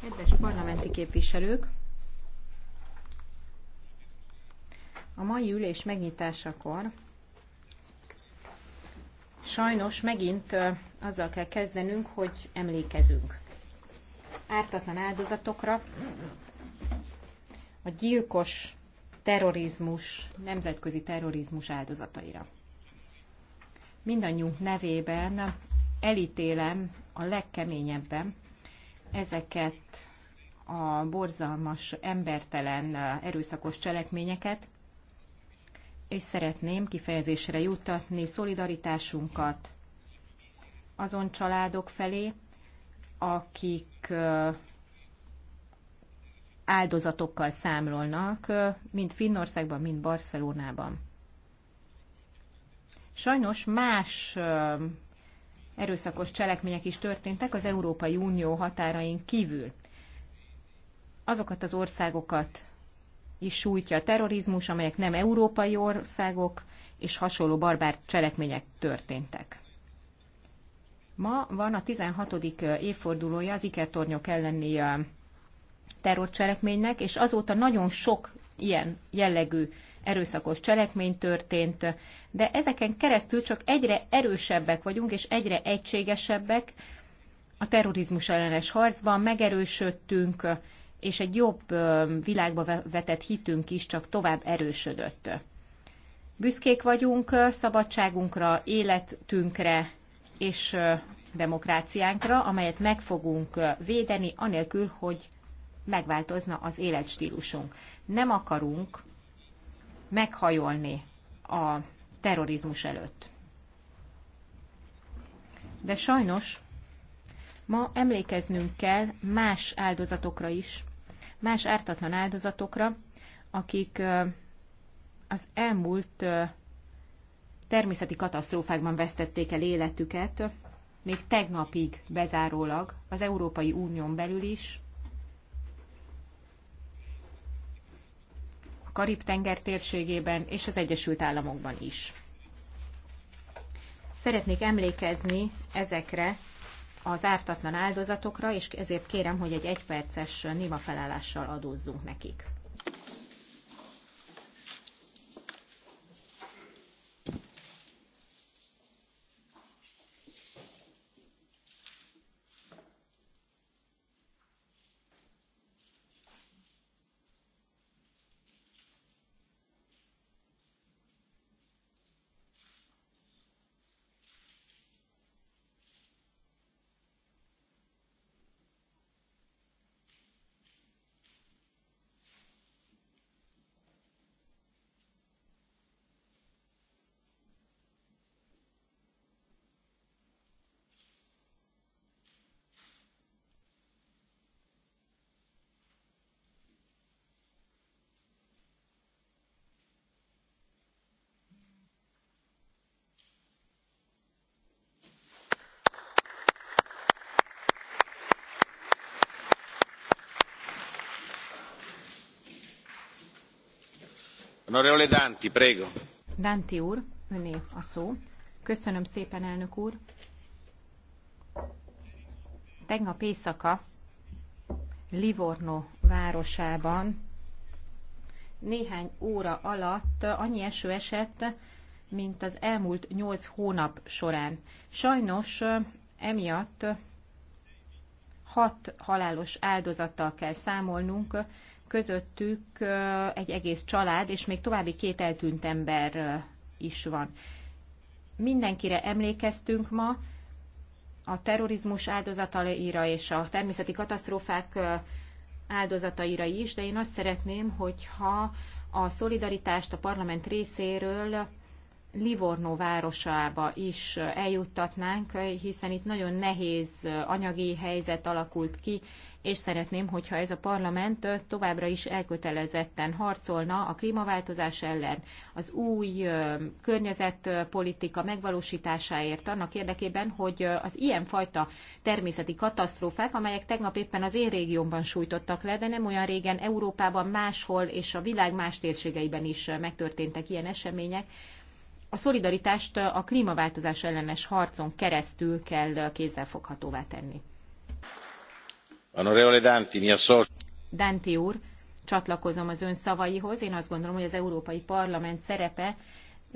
Kedves parlamenti képviselők! A mai ülés megnyitásakor sajnos megint azzal kell kezdenünk, hogy emlékezünk. Ártatlan áldozatokra, a gyilkos terrorizmus, nemzetközi terrorizmus áldozataira. Mindannyiunk nevében elítélem a legkeményebben ezeket a borzalmas, embertelen, erőszakos cselekményeket, és szeretném kifejezésre juttatni szolidaritásunkat azon családok felé, akik áldozatokkal számolnak, mind Finnországban, mind Barcelonában. Sajnos más erőszakos cselekmények is történtek az Európai Unió határain kívül. Azokat az országokat is sújtja a terrorizmus, amelyek nem európai országok, és hasonló barbár cselekmények történtek. Ma van a 16. évfordulója az ikertornyok elleni terrorcselekménynek, és azóta nagyon sok ilyen jellegű erőszakos cselekmény történt, de ezeken keresztül csak egyre erősebbek vagyunk, és egyre egységesebbek a terrorizmus ellenes harcban, megerősödtünk, és egy jobb világba vetett hitünk is csak tovább erősödött. Büszkék vagyunk szabadságunkra, életünkre és demokráciánkra, amelyet meg fogunk védeni, anélkül, hogy megváltozna az életstílusunk. Nem akarunk meghajolni a terrorizmus előtt. De sajnos ma emlékeznünk kell más áldozatokra is, más ártatlan áldozatokra, akik az elmúlt természeti katasztrófákban vesztették el életüket, még tegnapig bezárólag az Európai Unión belül is, Karib-tenger térségében és az Egyesült Államokban is. Szeretnék emlékezni ezekre az ártatlan áldozatokra, és ezért kérem, hogy egy egyperces néma felállással adózzunk nekik. úr, Köszönöm szépen, elnök úr. Tegnap éjszaka Livorno városában néhány óra alatt annyi eső esett, mint az elmúlt nyolc hónap során. Sajnos emiatt hat halálos áldozattal kell számolnunk, közöttük egy egész család, és még további két eltűnt ember is van. Mindenkire emlékeztünk ma, a terrorizmus áldozataira és a természeti katasztrófák áldozataira is, de én azt szeretném, hogyha a szolidaritást a parlament részéről Livorno városába is eljuttatnánk, hiszen itt nagyon nehéz anyagi helyzet alakult ki, és szeretném, hogyha ez a parlament továbbra is elkötelezetten harcolna a klímaváltozás ellen, az új környezetpolitika megvalósításáért, annak érdekében, hogy az ilyenfajta természeti katasztrófák, amelyek tegnap éppen az én régiómban sújtottak le, de nem olyan régen Európában máshol és a világ más térségeiben is megtörténtek ilyen események, a szolidaritást a klímaváltozás ellenes harcon keresztül kell kézzelfoghatóvá tenni. Danti úr, csatlakozom az ön szavaihoz. Én azt gondolom, hogy az Európai Parlament szerepe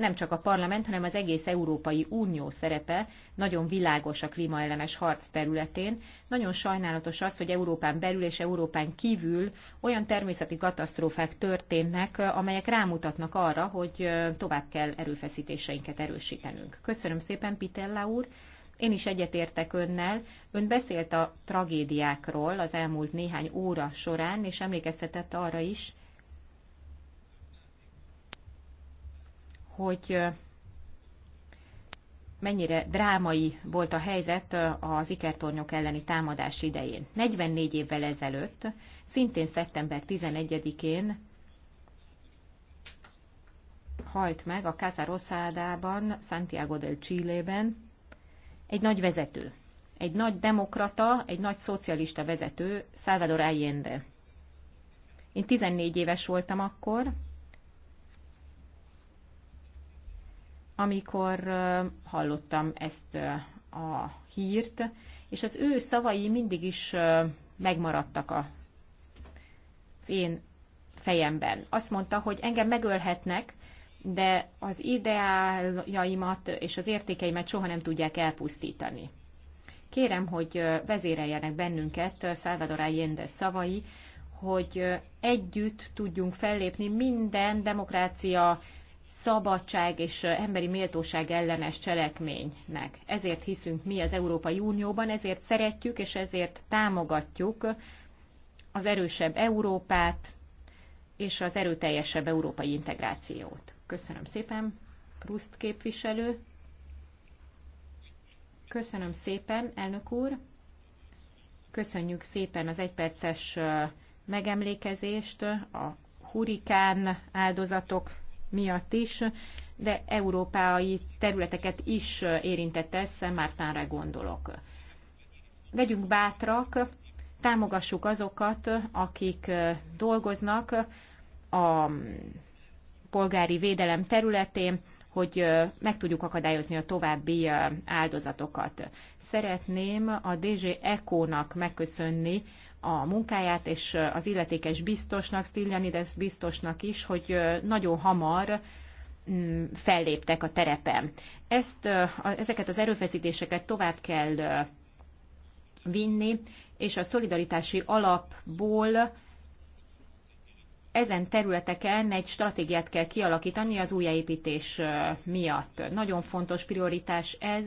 nem csak a parlament, hanem az egész Európai Unió szerepe nagyon világos a klímaellenes harc területén. Nagyon sajnálatos az, hogy Európán belül és Európán kívül olyan természeti katasztrófák történnek, amelyek rámutatnak arra, hogy tovább kell erőfeszítéseinket erősítenünk. Köszönöm szépen, Pitella úr! Én is egyetértek önnel. Ön beszélt a tragédiákról az elmúlt néhány óra során, és emlékeztetett arra is, hogy mennyire drámai volt a helyzet az ikertornyok elleni támadás idején. 44 évvel ezelőtt, szintén szeptember 11-én halt meg a Casa Rosádában, Santiago del Chile-ben egy nagy vezető, egy nagy demokrata, egy nagy szocialista vezető, Salvador Allende. Én 14 éves voltam akkor, amikor hallottam ezt a hírt, és az ő szavai mindig is megmaradtak a, az én fejemben. Azt mondta, hogy engem megölhetnek, de az ideájaimat és az értékeimet soha nem tudják elpusztítani. Kérem, hogy vezéreljenek bennünket Salvador Allende szavai, hogy együtt tudjunk fellépni minden demokrácia szabadság és emberi méltóság ellenes cselekménynek. Ezért hiszünk mi az Európai Unióban, ezért szeretjük és ezért támogatjuk az erősebb Európát és az erőteljesebb európai integrációt. Köszönöm szépen, Pruszt képviselő. Köszönöm szépen, elnök úr. Köszönjük szépen az egyperces megemlékezést a hurikán áldozatok miatt is, de európai területeket is érintett ez, Mártánra gondolok. Legyünk bátrak, támogassuk azokat, akik dolgoznak a mm, polgári védelem területén, hogy meg tudjuk akadályozni a további áldozatokat. Szeretném a DG Eco-nak megköszönni a munkáját, és az illetékes biztosnak, Stylianides biztosnak is, hogy nagyon hamar mm, felléptek a terepen. Ezt, ezeket az erőfeszítéseket tovább kell vinni, és a szolidaritási alapból ezen területeken egy stratégiát kell kialakítani az újjáépítés miatt. Nagyon fontos prioritás ez,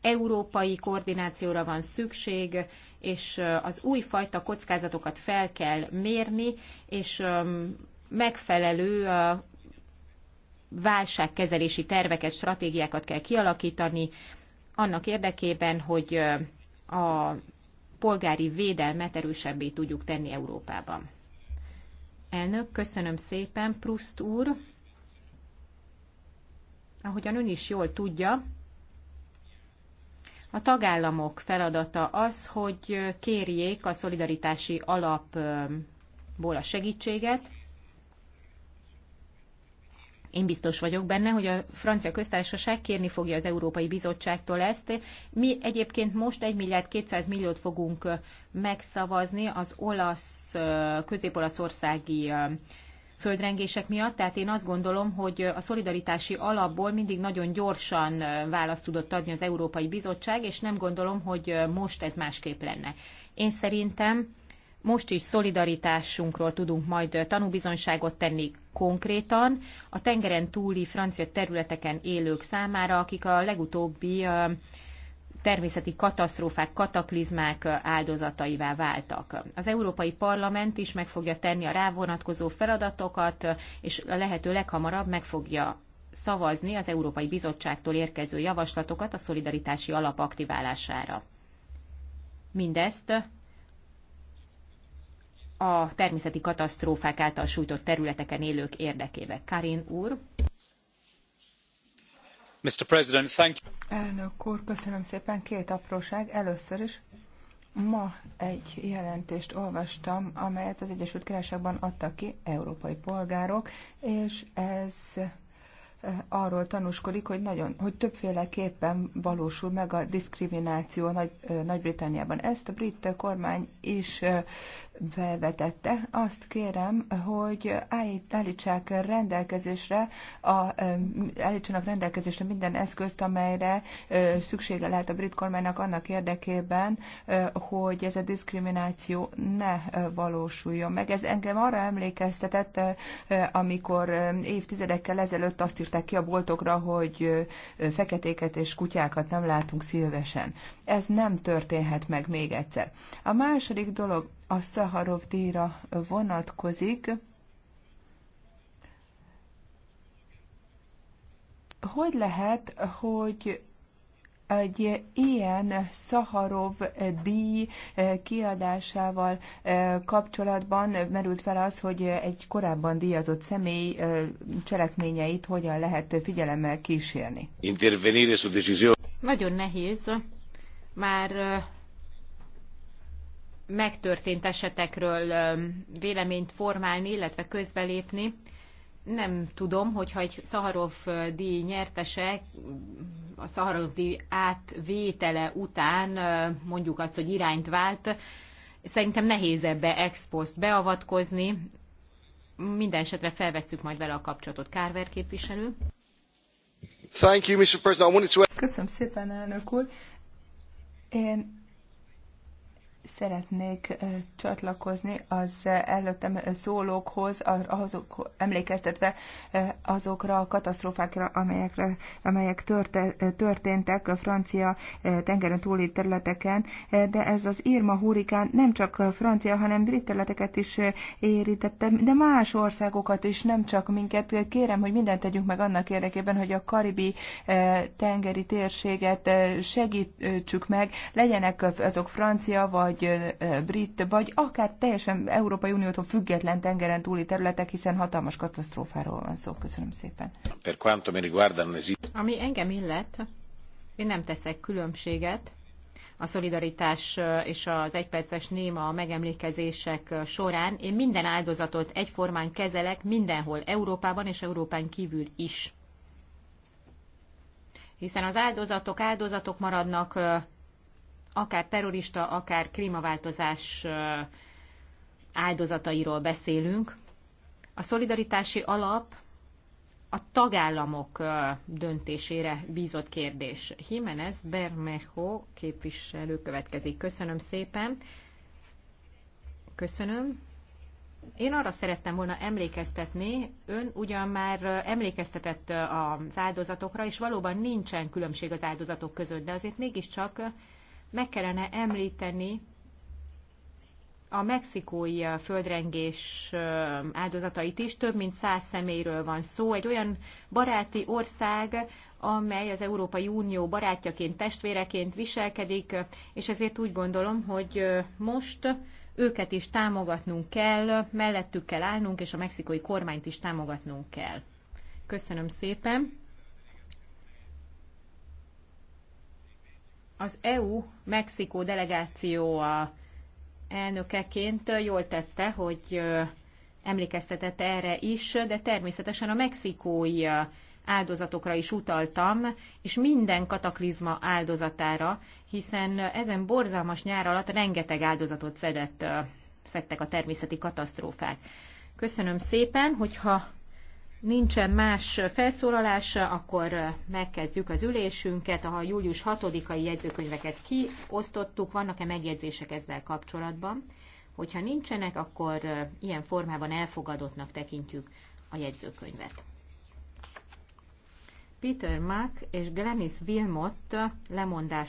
európai koordinációra van szükség, és az újfajta kockázatokat fel kell mérni, és megfelelő válságkezelési terveket, stratégiákat kell kialakítani, annak érdekében, hogy a polgári védelmet erősebbé tudjuk tenni Európában. Elnök, köszönöm szépen, Pruszt úr. Ahogyan ön is jól tudja, a tagállamok feladata az, hogy kérjék a szolidaritási alapból a segítséget, én biztos vagyok benne, hogy a francia köztársaság kérni fogja az Európai Bizottságtól ezt. Mi egyébként most 1 milliárd 200 milliót fogunk megszavazni az olasz, közép-olaszországi földrengések miatt, tehát én azt gondolom, hogy a szolidaritási alapból mindig nagyon gyorsan választ tudott adni az Európai Bizottság, és nem gondolom, hogy most ez másképp lenne. Én szerintem most is szolidaritásunkról tudunk majd tanúbizonyságot tenni konkrétan a tengeren túli francia területeken élők számára, akik a legutóbbi természeti katasztrófák, kataklizmák áldozataivá váltak. Az Európai Parlament is meg fogja tenni a rávonatkozó feladatokat, és a lehető leghamarabb meg fogja szavazni az Európai Bizottságtól érkező javaslatokat a szolidaritási alap aktiválására. Mindezt a természeti katasztrófák által sújtott területeken élők érdekébe. Karin úr. Mr. President, thank you. Elnök úr, köszönöm szépen. Két apróság. Először is ma egy jelentést olvastam, amelyet az Egyesült Királyságban adtak ki európai polgárok, és ez arról tanúskodik, hogy, nagyon, hogy többféleképpen valósul meg a diszkrimináció Nagy, Nagy-Britanniában. Ezt a brit kormány is felvetette. Azt kérem, hogy állítsák rendelkezésre, a, állítsanak rendelkezésre minden eszközt, amelyre szüksége lehet a brit kormánynak annak érdekében, hogy ez a diszkrimináció ne valósuljon meg. Ez engem arra emlékeztetett, amikor évtizedekkel ezelőtt azt írt tértek ki a boltokra, hogy feketéket és kutyákat nem látunk szilvesen. Ez nem történhet meg még egyszer. A második dolog a Szaharov díjra vonatkozik. Hogy lehet, hogy egy ilyen Szaharov díj eh, kiadásával eh, kapcsolatban merült fel az, hogy egy korábban díjazott személy eh, cselekményeit hogyan lehet figyelemmel kísérni. Nagyon nehéz már megtörtént esetekről véleményt formálni, illetve közbelépni. Nem tudom, hogyha egy Szaharov díj nyertese a szaharov átvétele után mondjuk azt, hogy irányt vált, szerintem nehéz ebbe ex post beavatkozni. Minden esetre felvesszük majd vele a kapcsolatot. Kárver képviselő. Thank you, Mr. President. I wanted to... Köszönöm szépen, elnök úr. Én szeretnék csatlakozni az előttem szólókhoz, azok, emlékeztetve azokra a katasztrófákra, amelyekre, amelyek törte, történtek a francia tengeren túli területeken, de ez az Irma hurikán nem csak francia, hanem brit területeket is érintette, de más országokat is, nem csak minket. Kérem, hogy mindent tegyünk meg annak érdekében, hogy a karibi tengeri térséget segítsük meg, legyenek azok francia vagy vagy brit, vagy akár teljesen Európai Uniótól független tengeren túli területek, hiszen hatalmas katasztrófáról van szó. Köszönöm szépen. Per quanto mi riguarda, Ami engem illet, én nem teszek különbséget a szolidaritás és az egyperces néma megemlékezések során. Én minden áldozatot egyformán kezelek mindenhol, Európában és Európán kívül is. Hiszen az áldozatok áldozatok maradnak, akár terrorista, akár klímaváltozás áldozatairól beszélünk. A szolidaritási alap a tagállamok döntésére bízott kérdés. Jimenez Bermejo képviselő következik. Köszönöm szépen. Köszönöm. Én arra szerettem volna emlékeztetni, ön ugyan már emlékeztetett az áldozatokra, és valóban nincsen különbség az áldozatok között, de azért mégiscsak meg kellene említeni a mexikói földrengés áldozatait is, több mint száz személyről van szó. Egy olyan baráti ország, amely az Európai Unió barátjaként, testvéreként viselkedik, és ezért úgy gondolom, hogy most őket is támogatnunk kell, mellettük kell állnunk, és a mexikói kormányt is támogatnunk kell. Köszönöm szépen! Az EU-Mexikó delegáció elnökeként jól tette, hogy emlékeztetett erre is, de természetesen a mexikói áldozatokra is utaltam, és minden kataklizma áldozatára, hiszen ezen borzalmas nyár alatt rengeteg áldozatot szedett, szedtek a természeti katasztrófák. Köszönöm szépen, hogyha nincsen más felszólalása, akkor megkezdjük az ülésünket. A július 6-ai jegyzőkönyveket kiosztottuk. Vannak-e megjegyzések ezzel kapcsolatban? Hogyha nincsenek, akkor ilyen formában elfogadottnak tekintjük a jegyzőkönyvet. Peter Mack és Glenis Wilmot lemondás